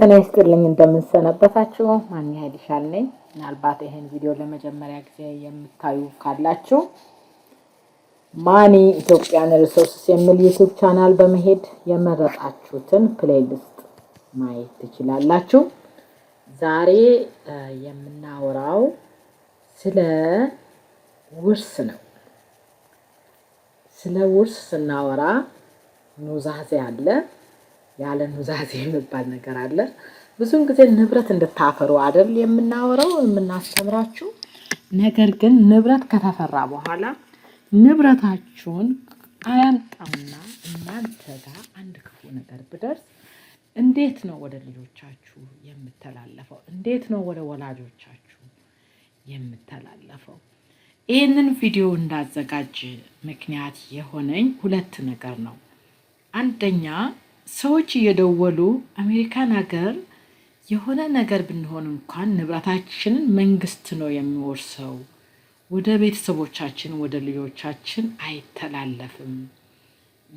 ጤና ይስጥልኝ። እንደምንሰነበታችሁ ማን ያህልሻል ነኝ። ምናልባት ይህን ቪዲዮ ለመጀመሪያ ጊዜ የምታዩ ካላችሁ ማኒ ኢትዮጵያን ሪሶርስስ የሚል ዩቱብ ቻናል በመሄድ የመረጣችሁትን ፕሌይሊስት ማየት ትችላላችሁ። ዛሬ የምናወራው ስለ ውርስ ነው። ስለ ውርስ ስናወራ ኑዛዜ አለ ያለ ኑዛዜ የሚባል ነገር አለ። ብዙውን ጊዜ ንብረት እንድታፈሩ አይደል የምናወራው የምናስተምራችሁ። ነገር ግን ንብረት ከተፈራ በኋላ ንብረታችሁን አያምጣውና እናንተ ጋር አንድ ክፉ ነገር ብደርስ እንዴት ነው ወደ ልጆቻችሁ የምተላለፈው? እንዴት ነው ወደ ወላጆቻችሁ የምተላለፈው? ይህንን ቪዲዮ እንዳዘጋጅ ምክንያት የሆነኝ ሁለት ነገር ነው። አንደኛ ሰዎች እየደወሉ አሜሪካን ሀገር የሆነ ነገር ብንሆን እንኳን ንብረታችንን መንግስት ነው የሚወርሰው፣ ወደ ቤተሰቦቻችን ወደ ልጆቻችን አይተላለፍም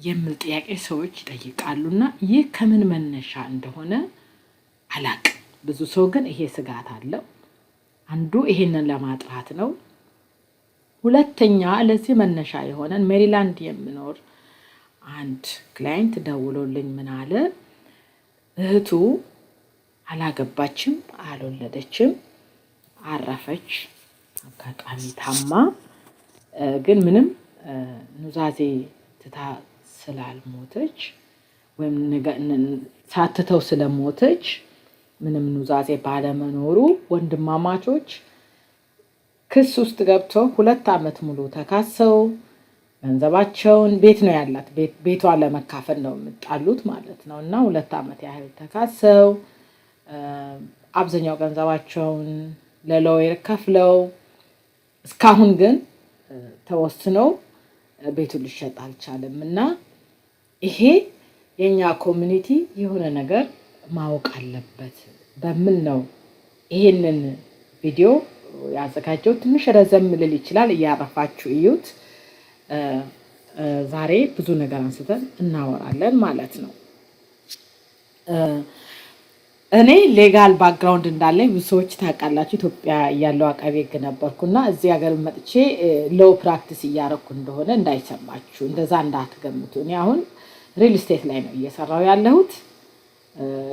የሚል ጥያቄ ሰዎች ይጠይቃሉና ይህ ከምን መነሻ እንደሆነ አላቅ ብዙ ሰው ግን ይሄ ስጋት አለው። አንዱ ይሄንን ለማጥራት ነው። ሁለተኛ ለዚህ መነሻ የሆነን ሜሪላንድ የሚኖር አንድ ክላይንት ደውሎልኝ ምን አለ፣ እህቱ አላገባችም፣ አልወለደችም፣ አረፈች። አጋጣሚ ታማ ግን ምንም ኑዛዜ ትታ ስላልሞተች ወይም ሳትተው ስለሞተች ምንም ኑዛዜ ባለመኖሩ ወንድማማቾች ክስ ውስጥ ገብተው ሁለት ዓመት ሙሉ ተካሰው ገንዘባቸውን ቤት ነው ያላት። ቤቷ ለመካፈል ነው የምጣሉት ማለት ነው። እና ሁለት ዓመት ያህል ተካሰው አብዛኛው ገንዘባቸውን ለሎየር ከፍለው እስካሁን ግን ተወስነው ቤቱን ሊሸጥ አልቻለም። እና ይሄ የእኛ ኮሚኒቲ የሆነ ነገር ማወቅ አለበት በሚል ነው ይሄንን ቪዲዮ ያዘጋጀው። ትንሽ ረዘም ልል ይችላል፣ እያረፋችሁ እዩት። ዛሬ ብዙ ነገር አንስተን እናወራለን ማለት ነው። እኔ ሌጋል ባክግራውንድ እንዳለኝ ብዙ ሰዎች ታውቃላችሁ። ኢትዮጵያ እያለው አቃቤ ሕግ እና እዚህ ሀገር መጥቼ ሎው ፕራክቲስ እያረኩ እንደሆነ እንዳይሰማችሁ፣ እንደዛ እንዳትገምቱ። እኔ አሁን ሪል ስቴት ላይ ነው እየሰራው ያለሁት።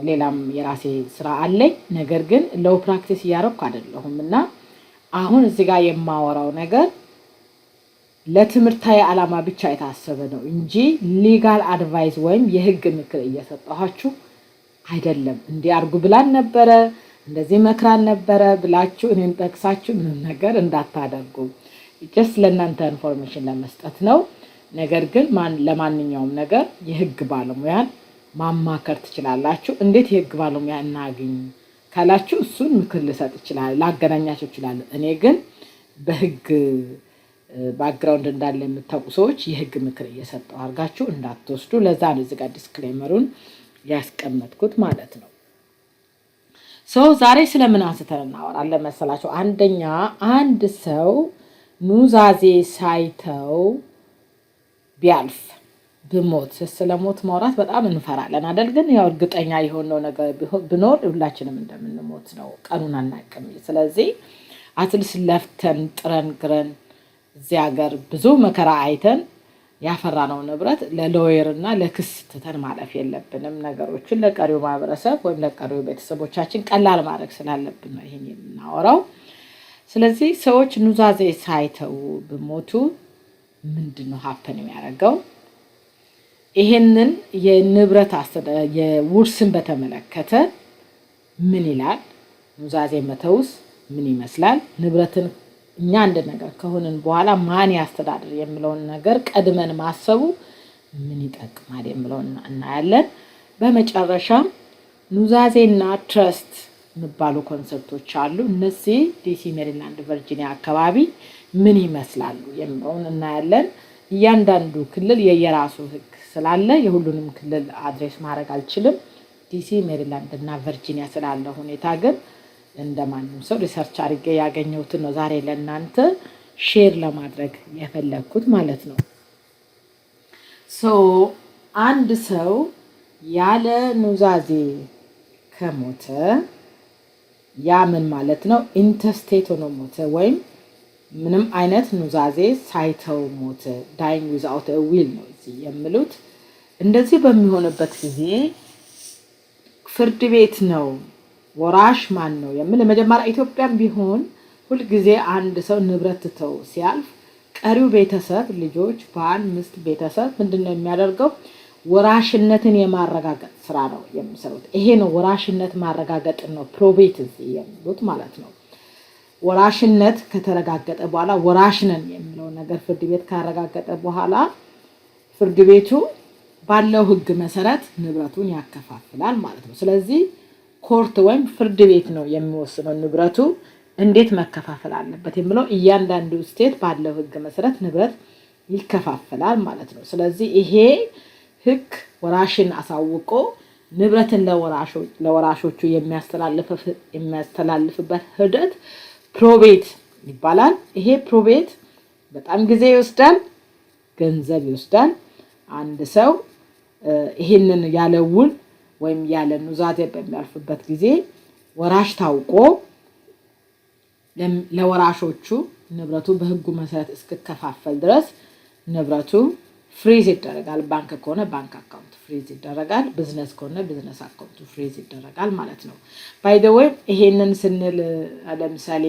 ሌላም የራሴ ስራ አለኝ። ነገር ግን ሎው ፕራክቲስ እያረኩ አይደለሁም እና አሁን እዚህ ጋር የማወራው ነገር ለትምህርታዊ ዓላማ ብቻ የታሰበ ነው እንጂ ሊጋል አድቫይስ ወይም የህግ ምክር እየሰጠኋችሁ አይደለም። እንዲህ አድርጉ ብላን ነበረ፣ እንደዚህ መክራን ነበረ ብላችሁ እኔን ጠቅሳችሁ ምንም ነገር እንዳታደርጉ፣ ጀስት ለእናንተ ኢንፎርሜሽን ለመስጠት ነው። ነገር ግን ለማንኛውም ነገር የህግ ባለሙያን ማማከር ትችላላችሁ። እንዴት የህግ ባለሙያ እናገኝ ካላችሁ እሱን ምክር ልሰጥ ይችላል፣ ላገናኛቸው ይችላል። እኔ ግን በህግ ባክግራውንድ እንዳለ የምታውቁ ሰዎች የህግ ምክር እየሰጠው አድርጋችሁ እንዳትወስዱ። ለዛ ነው እዚህ ዲስክሌመሩን ያስቀመጥኩት ማለት ነው። ሰው ዛሬ ስለምን አንስተን እናወራለን መሰላቸው? አንደኛ አንድ ሰው ኑዛዜ ሳይተው ቢያልፍ ብሞት ስለሞት ማውራት በጣም እንፈራለን አደል? ግን ያው እርግጠኛ የሆነው ነገር ብኖር ሁላችንም እንደምንሞት ነው። ቀኑን አናቅም። ስለዚህ አትልስ ለፍተን ጥረን ግረን እዚህ ሀገር ብዙ መከራ አይተን ያፈራነው ንብረት ለሎየር እና ለክስ ትተን ማለፍ የለብንም። ነገሮችን ለቀሪው ማህበረሰብ ወይም ለቀሪው ቤተሰቦቻችን ቀላል ማድረግ ስላለብን ነው ይሄን የምናወራው። ስለዚህ ሰዎች ኑዛዜ ሳይተው ብሞቱ ምንድን ነው ሀፕን የሚያደርገው? ይሄንን የንብረት የውርስን በተመለከተ ምን ይላል? ኑዛዜ መተውስ ምን ይመስላል? ንብረትን እኛ አንድ ነገር ከሆንን በኋላ ማን ያስተዳድር የምለውን ነገር ቀድመን ማሰቡ ምን ይጠቅማል የምለውን እናያለን። በመጨረሻም ኑዛዜና ትረስት የሚባሉ ኮንሰፕቶች አሉ። እነዚህ ዲሲ፣ ሜሪላንድ፣ ቨርጂኒያ አካባቢ ምን ይመስላሉ የሚለውን እናያለን። እያንዳንዱ ክልል የየራሱ ህግ ስላለ የሁሉንም ክልል አድሬስ ማድረግ አልችልም። ዲሲ፣ ሜሪላንድ እና ቨርጂኒያ ስላለ ሁኔታ ግን እንደማንም ሰው ሪሰርች አድርጌ ያገኘሁትን ነው ዛሬ ለእናንተ ሼር ለማድረግ የፈለግኩት ማለት ነው። ሶ አንድ ሰው ያለ ኑዛዜ ከሞተ ያ ምን ማለት ነው? ኢንተስቴት ሆኖ ሞተ ወይም ምንም አይነት ኑዛዜ ሳይተው ሞተ። ዳይንግ ዊዛውት ዊል ነው እዚህ የምሉት። እንደዚህ በሚሆንበት ጊዜ ፍርድ ቤት ነው ወራሽ ማን ነው የምል መጀመሪያ ኢትዮጵያም ቢሆን ሁልጊዜ አንድ ሰው ንብረት ትተው ሲያልፍ ቀሪው ቤተሰብ ልጆች፣ ባል፣ ምስት ቤተሰብ ምንድን ነው የሚያደርገው? ወራሽነትን የማረጋገጥ ስራ ነው የሚሰሩት። ይሄ ነው ወራሽነት ማረጋገጥን ነው ፕሮቤት የሚሉት ማለት ነው። ወራሽነት ከተረጋገጠ በኋላ ወራሽነን የሚለው ነገር ፍርድ ቤት ካረጋገጠ በኋላ ፍርድ ቤቱ ባለው ሕግ መሰረት ንብረቱን ያከፋፍላል ማለት ነው። ስለዚህ ኮርት ወይም ፍርድ ቤት ነው የሚወስነው ንብረቱ እንዴት መከፋፈል አለበት የሚለው እያንዳንዱ ስቴት ባለው ህግ መሰረት ንብረት ይከፋፈላል ማለት ነው። ስለዚህ ይሄ ህግ ወራሽን አሳውቆ ንብረትን ለወራሾቹ የሚያስተላልፍበት ሂደት ፕሮቤት ይባላል። ይሄ ፕሮቤት በጣም ጊዜ ይወስዳል፣ ገንዘብ ይወስዳል። አንድ ሰው ይህንን ያለውን ወይም ያለ ኑዛዜ በሚያልፍበት ጊዜ ወራሽ ታውቆ ለወራሾቹ ንብረቱ በህጉ መሰረት እስክከፋፈል ድረስ ንብረቱ ፍሪዝ ይደረጋል። ባንክ ከሆነ ባንክ አካውንት ፍሪዝ ይደረጋል። ብዝነስ ከሆነ ብዝነስ አካውንቱ ፍሪዝ ይደረጋል ማለት ነው። ባይ ዘ ወይ ይሄንን ስንል ለምሳሌ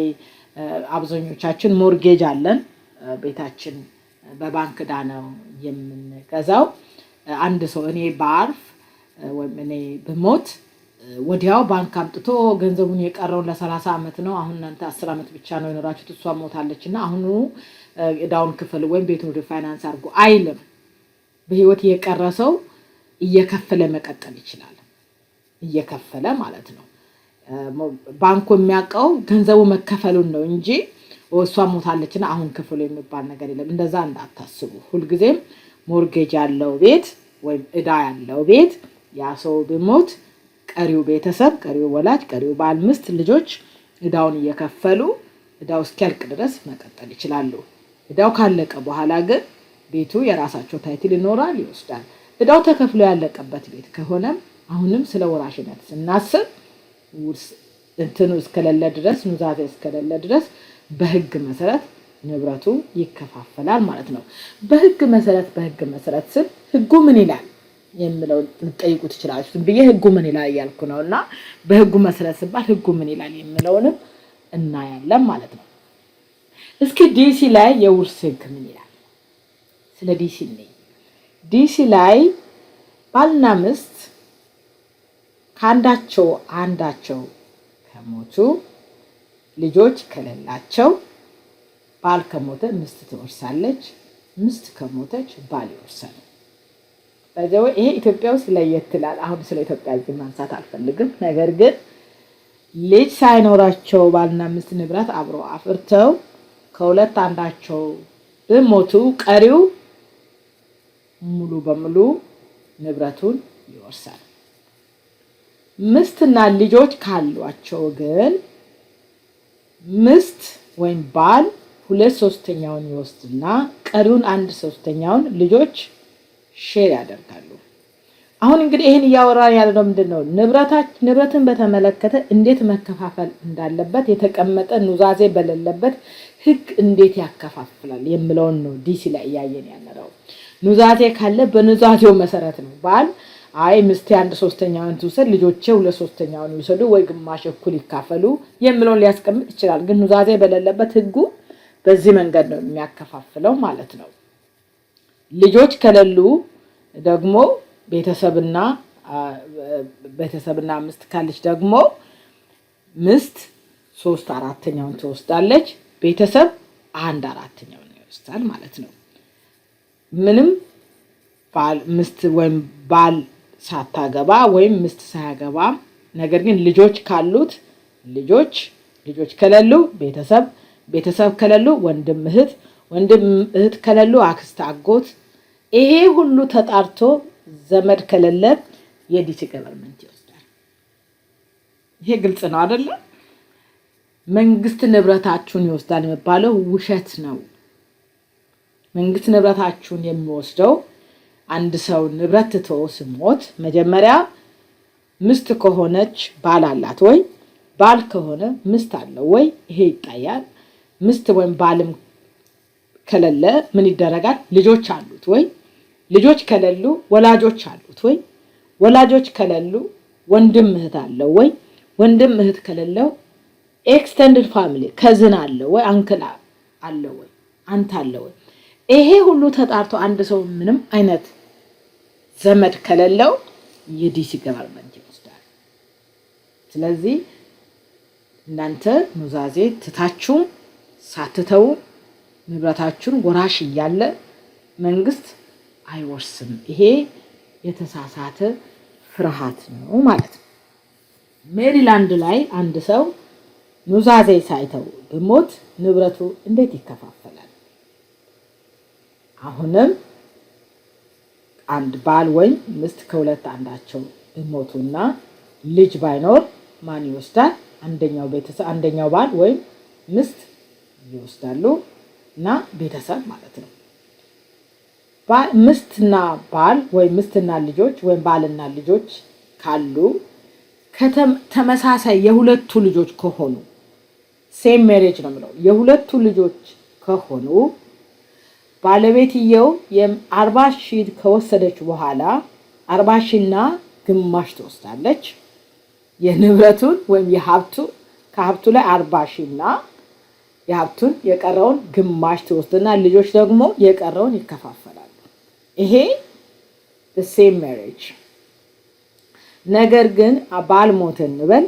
አብዛኞቻችን ሞርጌጅ አለን። ቤታችን በባንክ ዕዳ ነው የምንገዛው። አንድ ሰው እኔ በአርፍ ወይም እኔ ብሞት ወዲያው ባንክ አምጥቶ ገንዘቡን የቀረውን ለሰላሳ ዓመት ነው። አሁን እናንተ አስር ዓመት ብቻ ነው የኖራችሁት፣ እሷ ሞታለች እና አሁኑ እዳውን ክፍል ወይም ቤቱን ወደ ፋይናንስ አድርጎ አይልም። በህይወት እየቀረ ሰው እየከፈለ መቀጠል ይችላል። እየከፈለ ማለት ነው። ባንኩ የሚያውቀው ገንዘቡ መከፈሉን ነው እንጂ እሷ ሞታለችና አሁን ክፍሉ የሚባል ነገር የለም። እንደዛ እንዳታስቡ። ሁልጊዜም ሞርጌጅ ያለው ቤት ወይም እዳ ያለው ቤት ያ ሰው ብሞት ቀሪው ቤተሰብ፣ ቀሪው ወላጅ፣ ቀሪው ባል፣ ሚስት፣ ልጆች እዳውን እየከፈሉ እዳው እስኪያልቅ ድረስ መቀጠል ይችላሉ። እዳው ካለቀ በኋላ ግን ቤቱ የራሳቸው ታይትል ይኖራል፣ ይወስዳል። እዳው ተከፍሎ ያለቀበት ቤት ከሆነም አሁንም ስለ ወራሽነት ስናስብ ውርስ እንትኑ እስከሌለ ድረስ ኑዛዜ እስከሌለ ድረስ በህግ መሰረት ንብረቱ ይከፋፈላል ማለት ነው። በህግ መሰረት በህግ መሰረት ስል ህጉ ምን ይላል? የምለው ልጠይቁ ትችላችሁ። ብዬ ህጉ ምን ይላል እያልኩ ነው። እና በህጉ መሰረት ስባል ህጉ ምን ይላል የምለውንም እናያለን ማለት ነው። እስኪ ዲሲ ላይ የውርስ ህግ ምን ይላል? ስለ ዲሲ ነ ዲሲ ላይ ባልና ሚስት ከአንዳቸው አንዳቸው ከሞቱ ልጆች ከሌላቸው ባል ከሞተ ሚስት ትወርሳለች፣ ሚስት ከሞተች ባል ይወርሳል። በዚያው ይሄ ኢትዮጵያ ውስጥ ለየት ይላል። አሁን ስለ ኢትዮጵያ እዚህ ማንሳት አልፈልግም። ነገር ግን ልጅ ሳይኖራቸው ባልና ሚስት ንብረት አብሮ አፍርተው ከሁለት አንዳቸው ብሞቱ ቀሪው ሙሉ በሙሉ ንብረቱን ይወርሳል። ምስትና ልጆች ካሏቸው ግን ምስት ወይም ባል ሁለት ሶስተኛውን ይወስድና ቀሪውን አንድ ሶስተኛውን ልጆች ሼር ያደርጋሉ። አሁን እንግዲህ ይህን እያወራን ያለው ምንድን ነው? ንብረትን በተመለከተ እንዴት መከፋፈል እንዳለበት የተቀመጠ ኑዛዜ በሌለበት ህግ እንዴት ያከፋፍላል የሚለውን ነው ዲሲ ላይ እያየን ያነረው። ኑዛዜ ካለ በኑዛዜው መሰረት ነው ባል አይ ምስቴ አንድ ሶስተኛውን ትውሰድ፣ ልጆቼ ሁለት ሶስተኛውን ይውሰዱ፣ ወይ ግማሽ እኩል ይካፈሉ የሚለውን ሊያስቀምጥ ይችላል። ግን ኑዛዜ በሌለበት ሕጉ በዚህ መንገድ ነው የሚያከፋፍለው ማለት ነው። ልጆች ከሌሉ ደግሞ ቤተሰብና ቤተሰብና ምስት ካለች ደግሞ ምስት ሶስት አራተኛውን ትወስዳለች። ቤተሰብ አንድ አራተኛውን ይወስዳል ማለት ነው። ምንም ምስት ወይም ባል ሳታገባ ወይም ምስት ሳያገባ ነገር ግን ልጆች ካሉት ልጆች ልጆች ከሌሉ ቤተሰብ ቤተሰብ ከሌሉ ወንድም እህት ወንድም እህት ከሌሉ አክስት፣ አጎት ይሄ ሁሉ ተጣርቶ ዘመድ ከሌለ የዲሲ ገቨርንመንት ይወስዳል። ይሄ ግልጽ ነው አይደለም? መንግስት ንብረታችሁን ይወስዳል የሚባለው ውሸት ነው። መንግስት ንብረታችሁን የሚወስደው አንድ ሰው ንብረት ትቶ ስሞት መጀመሪያ ምስት ከሆነች ባል አላት ወይ? ባል ከሆነ ምስት አለው ወይ? ይሄ ይታያል። ምስት ወይም ባልም ከሌለ ምን ይደረጋል? ልጆች አሉት ወይ? ልጆች ከሌሉ ወላጆች አሉት ወይ? ወላጆች ከሌሉ ወንድም እህት አለው ወይ? ወንድም እህት ከሌለው ኤክስቴንድድ ፋሚሊ ከዝን አለ ወይ? አንክል አለ ወይ? አንተ አለ ወይ? ይሄ ሁሉ ተጣርቶ አንድ ሰው ምንም አይነት ዘመድ ከሌለው የዲሲ ገቨርንመንት ይወስዳል። ስለዚህ እናንተ ኑዛዜ ትታችሁ ሳትተው ንብረታችሁን ወራሽ እያለ መንግስት አይወርስም። ይሄ የተሳሳተ ፍርሃት ነው ማለት ነው። ሜሪላንድ ላይ አንድ ሰው ኑዛዜ ሳይተው ብሞት ንብረቱ እንዴት ይከፋፈላል? አሁንም አንድ ባል ወይም ሚስት ከሁለት አንዳቸው ብሞቱና ልጅ ባይኖር ማን ይወስዳል? አንደኛው ቤተሰብ አንደኛው ባል ወይም ሚስት ይወስዳሉ። እና ቤተሰብ ማለት ነው። ምስትና ባል ወይም ምስትና ልጆች ወይም ባልና ልጆች ካሉ ተመሳሳይ የሁለቱ ልጆች ከሆኑ ሴም ሜሬጅ ነው የምለው። የሁለቱ ልጆች ከሆኑ ባለቤትየው አርባ ሺህ ከወሰደች በኋላ አርባ ሺህና ግማሽ ትወስዳለች። የንብረቱን ወይም የሀብቱ ከሀብቱ ላይ አርባ ሺህና የሀብቱን የቀረውን ግማሽ ትወስድና ልጆች ደግሞ የቀረውን ይከፋፈላሉ። ይሄ ሴም ሜሬጅ። ነገር ግን ባል ሞተ እንበል፣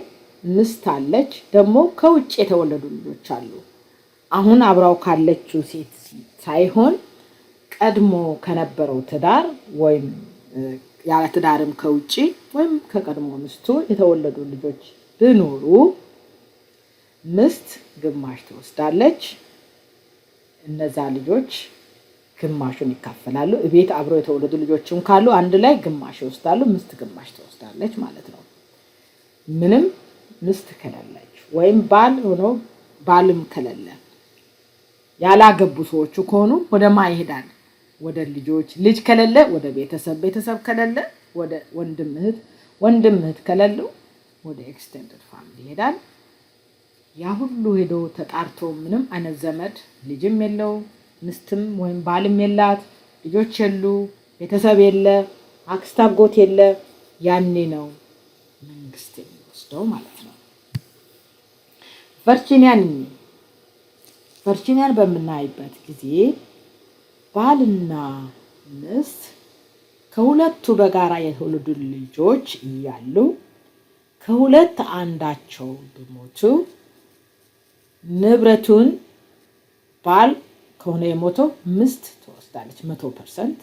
ሚስት አለች፣ ደግሞ ከውጭ የተወለዱ ልጆች አሉ። አሁን አብራው ካለችው ሴት ሳይሆን ቀድሞ ከነበረው ትዳር ወይም ያለ ትዳርም ከውጭ ወይም ከቀድሞ ሚስቱ የተወለዱ ልጆች ቢኖሩ ምስት ግማሽ ትወስዳለች። እነዛ ልጆች ግማሹን ይካፈላሉ። ቤት አብረው የተወለዱ ልጆችም ካሉ አንድ ላይ ግማሽ ይወስዳሉ። ምስት ግማሽ ትወስዳለች ማለት ነው። ምንም ምስት ከሌለች ወይም ባል ሆኖ ባልም ከሌለ ያላገቡ ሰዎቹ ከሆኑ ወደ ማ ይሄዳል? ወደ ልጆች። ልጅ ከሌለ ወደ ቤተሰብ፣ ቤተሰብ ከሌለ ወደ ወንድም እህት፣ ወንድም እህት ከሌለው ወደ ኤክስቴንድድ ፋሚሊ ይሄዳል። ያ ሁሉ ሄዶ ተጣርቶ ምንም አይነት ዘመድ ልጅም የለው ምስትም ወይም ባልም የላት ልጆች የሉ ቤተሰብ የለ አክስት አጎት የለ። ያኔ ነው መንግስት የሚወስደው ማለት ነው። ቨርጂኒያን ቨርጂኒያን በምናይበት ጊዜ ባልና ምስት ከሁለቱ በጋራ የተወለዱ ልጆች እያሉ ከሁለት አንዳቸው ብሞቱ ንብረቱን ባል ከሆነ የሞተው ሚስት ትወስዳለች መቶ ፐርሰንት።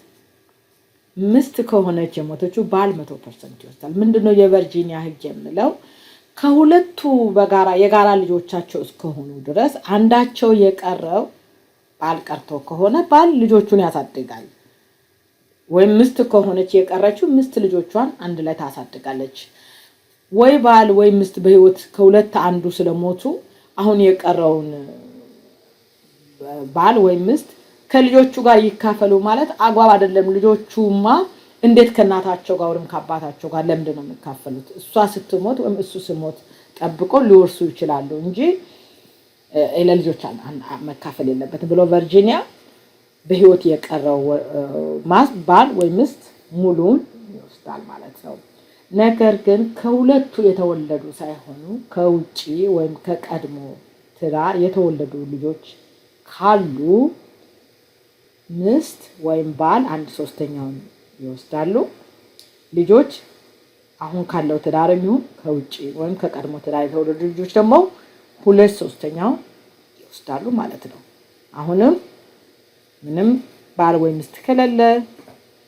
ሚስት ከሆነች የሞተችው ባል መቶ ፐርሰንት ይወስዳል። ምንድነው የቨርጂኒያ ህግ የምለው ከሁለቱ በጋራ የጋራ ልጆቻቸው እስከሆኑ ድረስ አንዳቸው የቀረው ባል ቀርቶ ከሆነ ባል ልጆቹን ያሳድጋል። ወይም ሚስት ከሆነች የቀረችው ሚስት ልጆቿን አንድ ላይ ታሳድጋለች። ወይ ባል ወይ ሚስት በህይወት ከሁለት አንዱ ስለሞቱ አሁን የቀረውን ባል ወይም ሚስት ከልጆቹ ጋር ይካፈሉ ማለት አግባብ አይደለም። ልጆቹማ እንዴት ከእናታቸው ጋር ወይም ከአባታቸው ጋር ለምንድን ነው የሚካፈሉት? እሷ ስትሞት ወይም እሱ ስሞት ጠብቆ ሊወርሱ ይችላሉ እንጂ ለልጆች መካፈል የለበትም ብሎ ቨርጂኒያ በህይወት የቀረው ባል ወይም ሚስት ሙሉን ይወስዳል ማለት ነው። ነገር ግን ከሁለቱ የተወለዱ ሳይሆኑ ከውጭ ወይም ከቀድሞ ትዳር የተወለዱ ልጆች ካሉ ምስት ወይም ባል አንድ ሶስተኛውን ይወስዳሉ። ልጆች አሁን ካለው ትዳር የሚሆን ከውጭ ወይም ከቀድሞ ትዳር የተወለዱ ልጆች ደግሞ ሁለት ሶስተኛውን ይወስዳሉ ማለት ነው። አሁንም ምንም ባል ወይም ምስት ከሌለ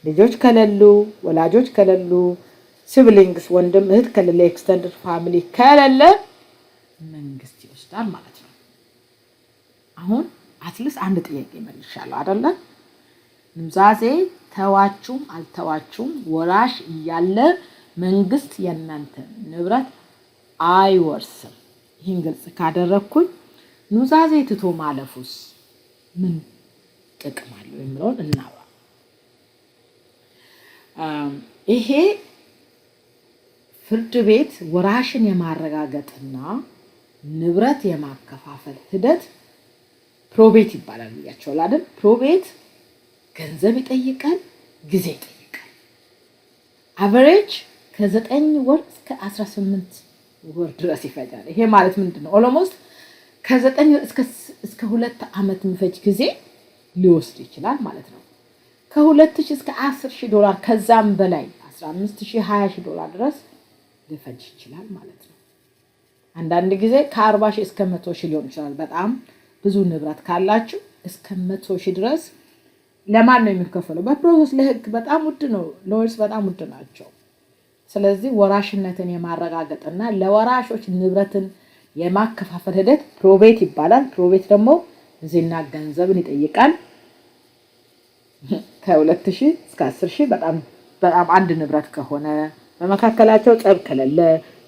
ልጆች ከሌሉ ወላጆች ከሌሉ ሲብሊንግስ ወንድም እህት ከሌለ ኤክስተንድድ ፋሚሊ ከሌለ መንግስት ይወስዳል ማለት ነው። አሁን አትልስ አንድ ጥያቄ መልሻለሁ አይደለ? ኑዛዜ ተዋችሁም አልተዋችሁም ወራሽ እያለ መንግስት የእናንተ ንብረት አይወርስም። ይህን ግልጽ ካደረግኩኝ ኑዛዜ ትቶ ማለፉስ ምን ጥቅም አለው የሚለውን እናውራ። ይሄ ፍርድ ቤት ወራሽን የማረጋገጥና ንብረት የማከፋፈል ሂደት ፕሮቤት ይባላል ብያቸዋል አይደል? ፕሮቤት ገንዘብ ይጠይቃል፣ ጊዜ ይጠይቃል። አቨሬጅ ከዘጠኝ ወር እስከ 18 ወር ድረስ ይፈጃል። ይሄ ማለት ምንድን ነው? ኦሎሞስት ከዘጠኝ ወር እስከ ሁለት ዓመት የሚፈጅ ጊዜ ሊወስድ ይችላል ማለት ነው። ከሁለት ሺህ እስከ አስር ሺህ ዶላር ከዛም በላይ አምስት ሺህ ሀያ ሺህ ዶላር ድረስ ሊፈጅ ይችላል ማለት ነው። አንዳንድ ጊዜ ከአርባ ሺህ እስከ መቶ ሺህ ሊሆን ይችላል። በጣም ብዙ ንብረት ካላችሁ እስከ መቶ ሺህ ድረስ ለማን ነው የሚከፈለው? በፕሮሰስ ለህግ በጣም ውድ ነው። ሎየርስ በጣም ውድ ናቸው። ስለዚህ ወራሽነትን የማረጋገጥና ለወራሾች ንብረትን የማከፋፈል ሂደት ፕሮቤት ይባላል። ፕሮቤት ደግሞ ጊዜና ገንዘብን ይጠይቃል። ከሁለት ሺህ እስከ አስር ሺህ በጣም በጣም አንድ ንብረት ከሆነ በመካከላቸው ጸብ ከሌለ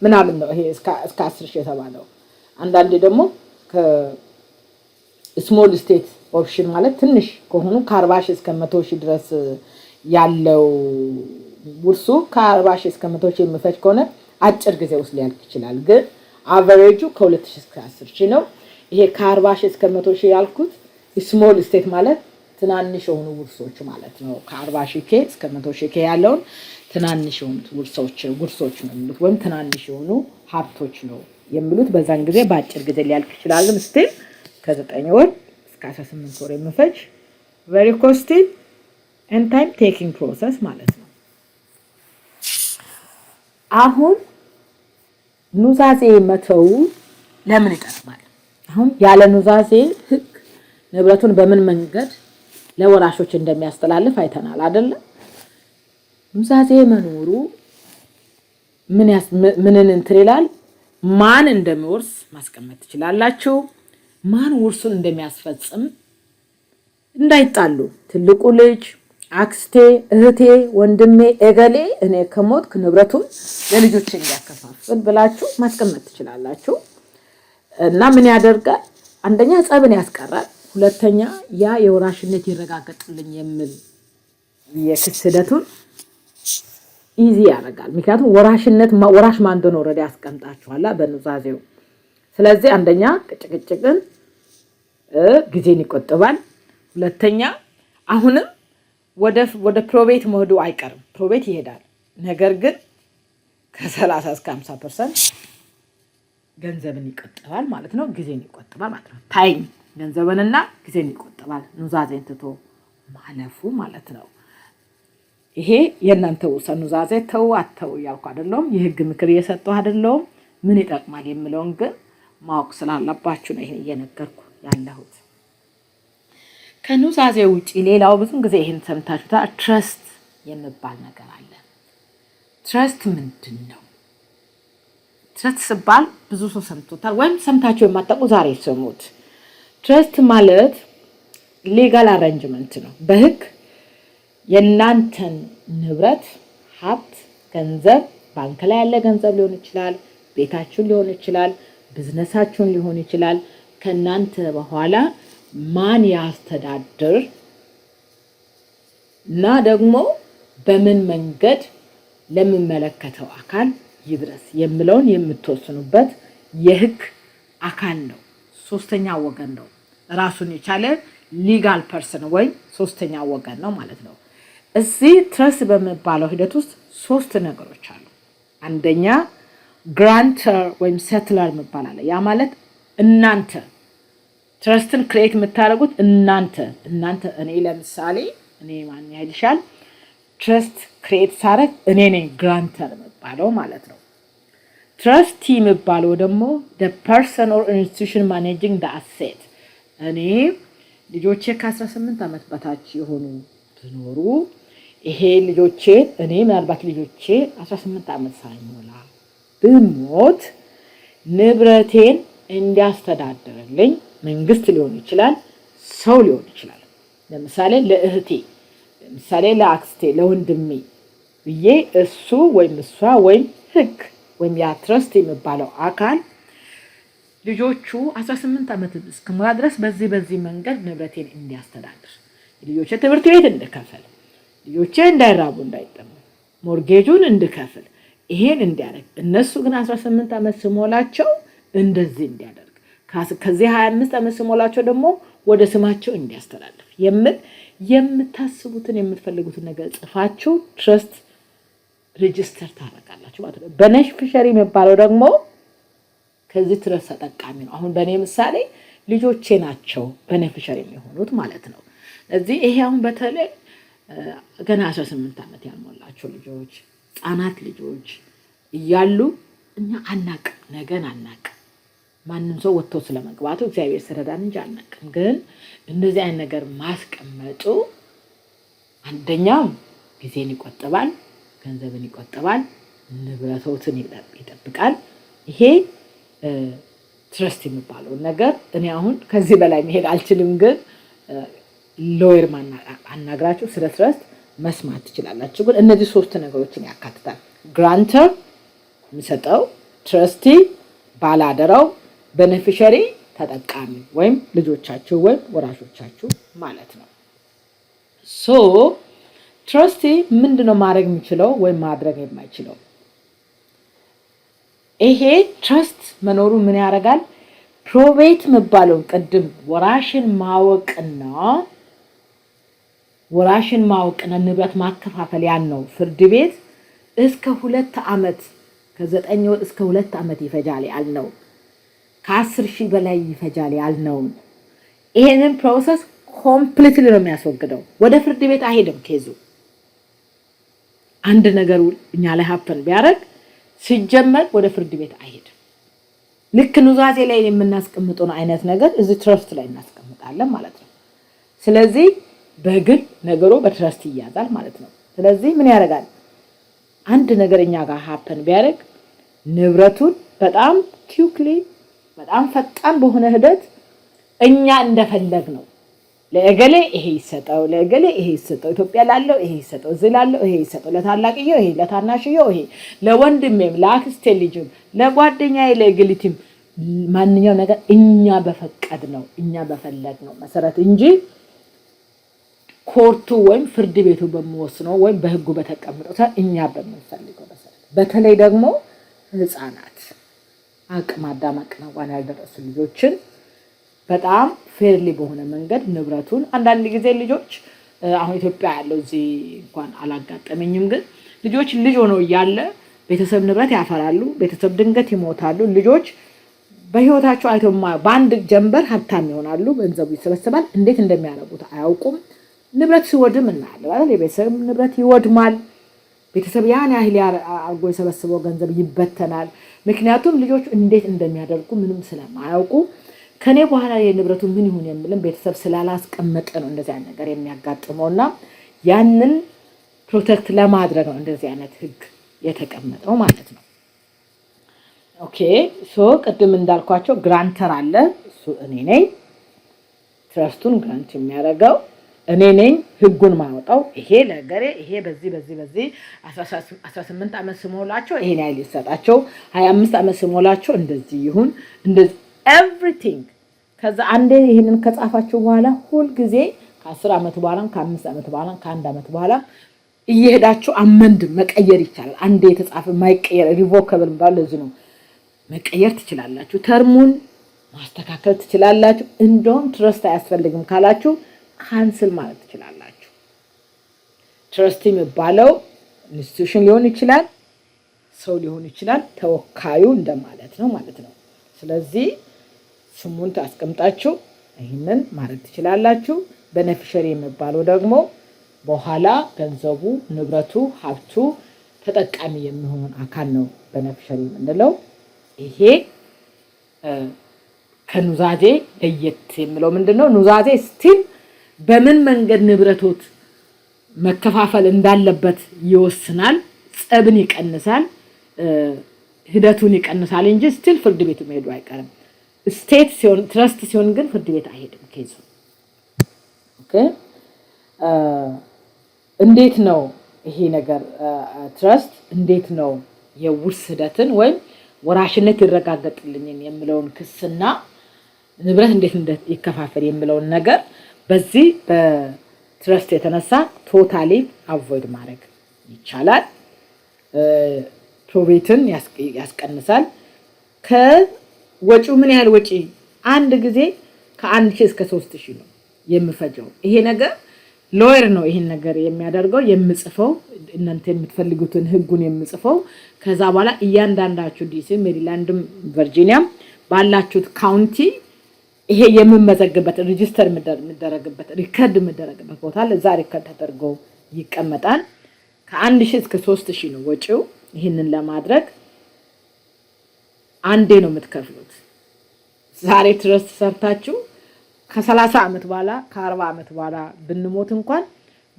ምናምን ነው። ይሄ እስከ አስር ሺህ የተባለው አንዳንዴ ደግሞ ስሞል ስቴት ኦፕሽን ማለት ትንሽ ከሆኑ ከአርባ ሺህ እስከ መቶ ሺህ ድረስ ያለው ውርሱ ከአርባ ሺህ እስከ መቶ ሺህ የሚፈጅ ከሆነ አጭር ጊዜ ውስጥ ሊያልቅ ይችላል። ግን አቨሬጁ ከሁለት ሺህ እስከ አስር ሺህ ነው። ይሄ ከአርባ ሺህ እስከ መቶ ሺህ ያልኩት ስሞል ስቴት ማለት ትናንሽ የሆኑ ውርሶች ማለት ነው። ከአርባ ሺህ ኬ እስከ መቶ ሺህ ኬ ያለውን ትናንሽ የሆኑት ጉርሶች ነው የሚሉት ወይም ትናንሽ የሆኑ ሀብቶች ነው የሚሉት። በዛን ጊዜ በአጭር ጊዜ ሊያልቅ ይችላል። ስቲል ከዘጠኝ ወር እስከ 18 ወር የምፈጅ ቨሪ ኮስቲል ኤንድ ታይም ቴኪንግ ፕሮሰስ ማለት ነው። አሁን ኑዛዜ መተው ለምን ይጠቅማል? አሁን ያለ ኑዛዜ ህግ ንብረቱን በምን መንገድ ለወራሾች እንደሚያስተላልፍ አይተናል አይደለም? ኑዛዜ መኖሩ ምንን እንትን ይላል። ማን እንደሚወርስ ማስቀመጥ ትችላላችሁ። ማን ውርሱን እንደሚያስፈጽም እንዳይጣሉ ትልቁ ልጅ አክስቴ፣ እህቴ፣ ወንድሜ፣ ኤገሌ እኔ ከሞትክ ንብረቱን ለልጆች እንዲያከፋፍል ብላችሁ ማስቀመጥ ትችላላችሁ። እና ምን ያደርጋል? አንደኛ ጸብን ያስቀራል፣ ሁለተኛ ያ የወራሽነት ይረጋገጥልኝ የሚል የክስ ሂደቱን ኢዚ ያደርጋል። ምክንያቱም ወራሽነት ወራሽ ማን እንደሆነ ወረዳ ያስቀምጣችኋላ በኑዛዜው። ስለዚህ አንደኛ ቅጭቅጭቅን ጊዜን ይቆጥባል። ሁለተኛ አሁንም ወደ ፕሮቤት መሄዱ አይቀርም፣ ፕሮቤት ይሄዳል። ነገር ግን ከሰላሳ እስከ ሀምሳ ፐርሰንት ገንዘብን ይቆጥባል ማለት ነው። ጊዜን ይቆጥባል ማለት ነው። ታይም ገንዘብንና ጊዜን ይቆጥባል ኑዛዜን ትቶ ማለፉ ማለት ነው። ይሄ የእናንተ ውሰኑ ዛዜ ተው አተው እያልኩ አይደለሁም። የህግ ምክር እየሰጠሁ አደለውም። ምን ይጠቅማል የምለውን ግን ማወቅ ስላለባችሁ ነው ይሄን እየነገርኩ ያለሁት። ከኑዛዜ ውጪ ሌላው ብዙም ጊዜ ይህን ሰምታችሁታ ትረስት የሚባል ነገር አለ። ትረስት ምንድን ነው? ትረስት ስባል ብዙ ሰው ሰምቶታል፣ ወይም ሰምታችሁ የማታውቁ ዛሬ ስሙት። ትረስት ማለት ሌጋል አረንጅመንት ነው በህግ የእናንተን ንብረት ሀብት፣ ገንዘብ ባንክ ላይ ያለ ገንዘብ ሊሆን ይችላል፣ ቤታችሁን ሊሆን ይችላል፣ ብዝነሳችሁን ሊሆን ይችላል። ከእናንተ በኋላ ማን ያስተዳድር እና ደግሞ በምን መንገድ ለሚመለከተው አካል ይድረስ የሚለውን የምትወስኑበት የህግ አካል ነው። ሶስተኛ ወገን ነው። ራሱን የቻለ ሊጋል ፐርሰን ወይም ሶስተኛ ወገን ነው ማለት ነው። እዚህ ትረስ በሚባለው ሂደት ውስጥ ሶስት ነገሮች አሉ። አንደኛ ግራንተር ወይም ሰትለር የሚባል ያ ማለት እናንተ ትረስትን ክሬት የምታደርጉት እናንተ እናንተ እኔ ለምሳሌ እኔ ማን ያህልሻል ትረስት ክሬት ሳረግ እኔ ነኝ ግራንተር የሚባለው ማለት ነው። ትረስቲ የሚባለው ደግሞ ፐርሰን ኦር ኢንስቲቱሽን ማኔጂንግ አሴት እኔ ልጆቼ ከ18 ዓመት በታች የሆኑ ትኖሩ? ይሄ ልጆቼ እኔ ምናልባት ልጆቼ 18 ዓመት ሳይሞላ ብሞት ንብረቴን እንዲያስተዳድርልኝ መንግስት ሊሆን ይችላል፣ ሰው ሊሆን ይችላል። ለምሳሌ ለእህቴ፣ ለምሳሌ ለአክስቴ፣ ለወንድሜ ብዬ እሱ ወይም እሷ ወይም ህግ ወይም ያ ትረስት የሚባለው አካል ልጆቹ 18 ዓመት እስከሞላ ድረስ በዚህ በዚህ መንገድ ንብረቴን እንዲያስተዳድር፣ ልጆች ትምህርት ቤት እንድከፈል ልጆቼ እንዳይራቡ እንዳይጠሙ ሞርጌጁን እንድከፍል ይሄን እንዲያደርግ እነሱ ግን 18 ዓመት ስሞላቸው እንደዚህ እንዲያደርግ ከዚህ 25 ዓመት ስሞላቸው ደግሞ ወደ ስማቸው እንዲያስተላልፍ የምል የምታስቡትን የምትፈልጉትን ነገር ጽፋችሁ ትረስት ሬጅስተር ታደርጋላችሁ ማለት ነው። በነሽፊሸሪ የሚባለው ደግሞ ከዚህ ትረስት ተጠቃሚ ነው። አሁን በእኔ ምሳሌ ልጆቼ ናቸው በነሽፊሸሪ የሚሆኑት ማለት ነው። እዚህ ይሄ አሁን በተለይ ገና 18 ዓመት ያልሞላቸው ልጆች፣ ህጻናት ልጆች እያሉ እኛ አናቅ ነገን አናቅ ማንም ሰው ወጥቶ ስለመግባቱ እግዚአብሔር ስረዳን እንጂ አናቅም። ግን እንደዚህ አይነት ነገር ማስቀመጡ አንደኛው ጊዜን ይቆጥባል፣ ገንዘብን ይቆጥባል፣ ንብረቶትን ይጠብቃል። ይሄ ትረስት የሚባለውን ነገር እኔ አሁን ከዚህ በላይ መሄድ አልችልም ግን ሎየር አናግራችሁ ስለ ትረስት መስማት ትችላላችሁ። ግን እነዚህ ሶስት ነገሮችን ያካትታል። ግራንተር የሚሰጠው፣ ትረስቲ ባላደራው ቤኔፊሸሪ ተጠቃሚ ወይም ልጆቻችሁ ወይም ወራሾቻችሁ ማለት ነው። ሶ ትረስቲ ምንድን ነው ማድረግ የሚችለው ወይም ማድረግ የማይችለው? ይሄ ትረስት መኖሩ ምን ያደርጋል? ፕሮቤት የሚባለውን ቅድም ወራሽን ማወቅና ወራሽን ማወቅና ንብረት ማከፋፈል ያን ነው። ፍርድ ቤት እስከ ሁለት ዓመት ከዘጠኝ ወር እስከ ሁለት ዓመት ይፈጃል ያልነው ከአስር ሺህ በላይ ይፈጃል ያልነው ይሄንን ፕሮሰስ ኮምፕሊትሊ ነው የሚያስወግደው። ወደ ፍርድ ቤት አይሄድም ኬዙ። አንድ ነገሩ እኛ ላይ ሀፕን ቢያደርግ ሲጀመር ወደ ፍርድ ቤት አይሄድም። ልክ ኑዛዜ ላይ የምናስቀምጠውን አይነት ነገር እዚህ ትረፍት ላይ እናስቀምጣለን ማለት ነው። ስለዚህ በግል ነገሮ በትረስት ይያዛል ማለት ነው። ስለዚህ ምን ያደርጋል? አንድ ነገር እኛ ጋር ሀፐን ቢያደርግ ንብረቱን በጣም ኪውክሊ በጣም ፈጣን በሆነ ሂደት እኛ እንደፈለግ ነው ለእገሌ ይሄ ይሰጠው፣ ለእገሌ ይሄ ይሰጠው፣ ኢትዮጵያ ላለው ይሄ ይሰጠው፣ እዚህ ላለው ይሄ ይሰጠው፣ ለታላቅየው ይሄ፣ ለታናሽየው ይሄ፣ ለወንድሜም፣ ለአክስቴ ልጅም፣ ለጓደኛዬ፣ ለእግሊቲም ማንኛው ነገር እኛ በፈቀድ ነው እኛ በፈለግ ነው መሰረት እንጂ ኮርቱ ወይም ፍርድ ቤቱ በሚወስነው ወይም በህጉ በተቀምጠው እኛ በምንፈልገው መሰረት በተለይ ደግሞ ህፃናት አቅም አዳም አቅመዋን ያልደረሱ ልጆችን በጣም ፌርሊ በሆነ መንገድ ንብረቱን አንዳንድ ጊዜ ልጆች አሁን ኢትዮጵያ ያለው እዚህ እንኳን አላጋጠመኝም፣ ግን ልጆች ልጅ ሆነው እያለ ቤተሰብ ንብረት ያፈራሉ። ቤተሰብ ድንገት ይሞታሉ። ልጆች በህይወታቸው አይቶ በአንድ ጀንበር ሀብታም ይሆናሉ። ገንዘቡ ይሰበሰባል። እንዴት እንደሚያደርጉት አያውቁም። ንብረት ሲወድም እናያለን። የቤተሰብ ንብረት ይወድማል። ቤተሰብ ያን ያህል አርጎ የሰበስበው ገንዘብ ይበተናል። ምክንያቱም ልጆቹ እንዴት እንደሚያደርጉ ምንም ስለማያውቁ ከኔ በኋላ የንብረቱ ምን ይሁን የምልም ቤተሰብ ስላላስቀመጠ ነው እንደዚህ አይነት ነገር የሚያጋጥመው እና ያንን ፕሮቴክት ለማድረግ ነው እንደዚህ አይነት ህግ የተቀመጠው ማለት ነው። ኦኬ ሶ ቅድም እንዳልኳቸው ግራንተር አለ። እሱ እኔ ነኝ ትረስቱን ግራንት የሚያደርገው እኔ ነኝ ህጉን ማወጣው። ይሄ ለገሬ ይሄ በዚህ በዚህ በዚህ 18 ዓመት ስሞላቸው ይሄን ያህል ይሰጣቸው፣ ሀያ አምስት ዓመት ስሞላቸው እንደዚህ ይሁን እንደዚህ ኤቭሪቲንግ። ከዛ አንዴ ይህንን ከጻፋቸው በኋላ ሁልጊዜ ከአስር ዓመት በኋላም ከአምስት ዓመት በኋላም ከአንድ ዓመት በኋላ እየሄዳችሁ አመንድ መቀየር ይቻላል። አንዴ የተጻፈ ማይቀየር ሪቮከብል ባለ ለዚህ ነው መቀየር ትችላላችሁ። ተርሙን ማስተካከል ትችላላችሁ። እንደውም ትረስት አያስፈልግም ካላችሁ ካንስል ማለት ትችላላችሁ። ትረስት የሚባለው ኢንስቲቱሽን ሊሆን ይችላል፣ ሰው ሊሆን ይችላል፣ ተወካዩ እንደማለት ነው ማለት ነው። ስለዚህ ስሙን ታስቀምጣችሁ ይህንን ማድረግ ትችላላችሁ። በነፊሸሪ የሚባለው ደግሞ በኋላ ገንዘቡ፣ ንብረቱ፣ ሀብቱ ተጠቃሚ የሚሆን አካል ነው በነፊሸሪ የምንለው። ይሄ ከኑዛዜ ለየት የሚለው ምንድን ነው? ኑዛዜ ስቲል በምን መንገድ ንብረቶት መከፋፈል እንዳለበት ይወስናል። ጸብን ይቀንሳል፣ ሂደቱን ይቀንሳል እንጂ ስቲል ፍርድ ቤት መሄዱ አይቀርም። ስቴት ሲሆን ትረስት ሲሆን ግን ፍርድ ቤት አይሄድም ኬዙ። እንዴት ነው ይሄ ነገር ትረስት እንዴት ነው የውርስ ሂደትን ወይም ወራሽነት ይረጋገጥልኝን የምለውን ክስና ንብረት እንዴት ይከፋፈል የምለውን ነገር በዚህ በትረስት የተነሳ ቶታሊ አቮይድ ማድረግ ይቻላል። ፕሮቤትን ያስቀንሳል። ከወጪው ምን ያህል ወጪ አንድ ጊዜ ከአንድ ሺህ እስከ ሶስት ሺህ ነው የምፈጀው። ይሄ ነገር ሎየር ነው ይሄን ነገር የሚያደርገው የምጽፈው እናንተ የምትፈልጉትን ህጉን የምጽፈው። ከዛ በኋላ እያንዳንዳችሁ ዲሲ፣ ሜሪላንድም፣ ቨርጂኒያም ባላችሁት ካውንቲ ይሄ የምመዘግበት ሬጅስተር የምደረግበት ሪከርድ የምደረግበት ቦታ ለዛ ሪከርድ ተደርጎ ይቀመጣል። ከአንድ ሺህ እስከ ሶስት ሺህ ነው ወጪው። ይህንን ለማድረግ አንዴ ነው የምትከፍሉት። ዛሬ ትረስ ሰርታችሁ ከሰላሳ ዓመት በኋላ ከአርባ ዓመት በኋላ ብንሞት እንኳን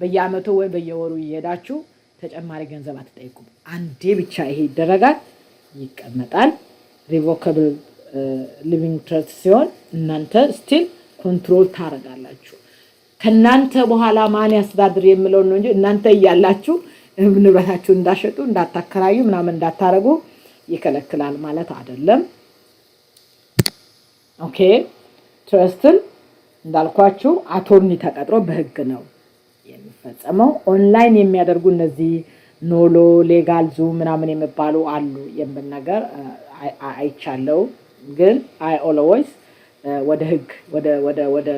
በየአመቱ ወይ በየወሩ እየሄዳችሁ ተጨማሪ ገንዘብ አትጠይቁም። አንዴ ብቻ ይሄ ይደረጋል፣ ይቀመጣል ሪቮከብል ሊቪንግ ትረስት ሲሆን እናንተ ስቲል ኮንትሮል ታደርጋላችሁ። ከእናንተ በኋላ ማን ያስተዳድር የምለውን ነው እንጂ እናንተ እያላችሁ ንብረታችሁ እንዳሸጡ እንዳታከራዩ ምናምን እንዳታረጉ ይከለክላል ማለት አይደለም። ኦኬ ትረስትን እንዳልኳችሁ አቶርኒ ተቀጥሮ በህግ ነው የሚፈጸመው። ኦንላይን የሚያደርጉ እነዚህ ኖሎ ሌጋል ዙም ምናምን የሚባሉ አሉ። የምን ነገር አይቻለው። ግን አይ ኦሎወይስ ወደ ህግ ወደ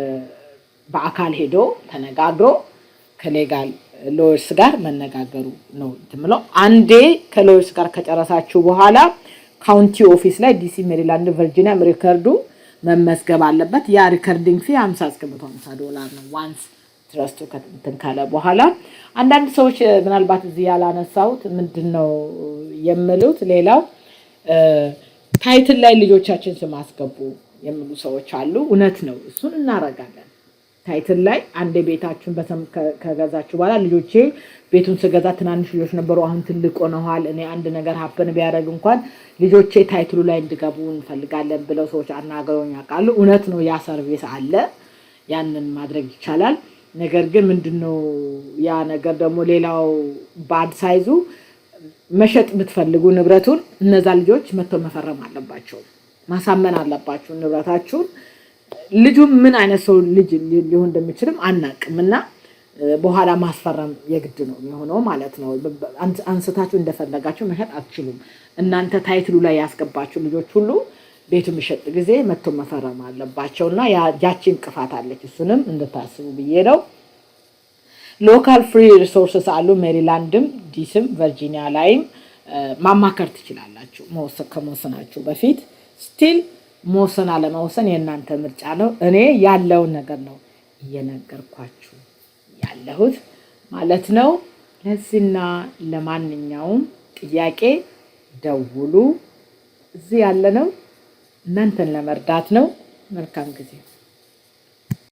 በአካል ሄዶ ተነጋግሮ ከሌጋል ሎየርስ ጋር መነጋገሩ ነው ትምለው። አንዴ ከሎየርስ ጋር ከጨረሳችሁ በኋላ ካውንቲ ኦፊስ ላይ ዲሲ፣ ሜሪላንድ፣ ቨርጂኒያም ሪከርዱ መመዝገብ አለበት። ያ ሪከርዲንግ ፊ ሀምሳ እስከ መቶ ሀምሳ ዶላር ነው። ዋንስ ትረስቱ ከትንትን ካለ በኋላ አንዳንድ ሰዎች ምናልባት እዚህ ያላነሳሁት ምንድን ነው የምሉት ሌላው ታይትል ላይ ልጆቻችን ስም አስገቡ የሚሉ ሰዎች አሉ። እውነት ነው፣ እሱን እናረጋለን። ታይትል ላይ አንዴ ቤታችሁን በስም ከገዛችሁ በኋላ ልጆቼ ቤቱን ስገዛ ትናንሽ ልጆች ነበሩ፣ አሁን ትልቅ ሆነዋል። እኔ አንድ ነገር ሀበን ቢያደርግ እንኳን ልጆቼ ታይትሉ ላይ እንዲገቡ እንፈልጋለን ብለው ሰዎች አናገረውኝ ያውቃሉ። እውነት ነው፣ ያ ሰርቪስ አለ፣ ያንን ማድረግ ይቻላል። ነገር ግን ምንድነው ያ ነገር ደግሞ ሌላው ባድ ሳይዙ መሸጥ ብትፈልጉ ንብረቱን እነዛ ልጆች መጥተው መፈረም አለባቸው፣ ማሳመን አለባቸው ንብረታችሁን። ልጁም ምን አይነት ሰው ልጅ ሊሆን እንደሚችልም አናቅም እና በኋላ ማስፈረም የግድ ነው የሚሆነው ማለት ነው። አንስታችሁ እንደፈለጋችሁ መሸጥ አትችሉም። እናንተ ታይትሉ ላይ ያስገባችሁ ልጆች ሁሉ ቤቱ የሚሸጥ ጊዜ መጥቶ መፈረም አለባቸው እና ያቺ እንቅፋት አለች። እሱንም እንድታስቡ ብዬ ነው። ሎካል ፍሪ ሪሶርስስ አሉ። ሜሪላንድም፣ ዲስም፣ ቨርጂኒያ ላይም ማማከር ትችላላችሁ ከመወሰናችሁ በፊት ስቲል መወሰን አለመወሰን የእናንተ ምርጫ ነው። እኔ ያለውን ነገር ነው እየነገርኳችሁ ያለሁት ማለት ነው። ለዚህና ለማንኛውም ጥያቄ ደውሉ። እዚህ ያለነው እናንተን ለመርዳት ነው። መልካም ጊዜ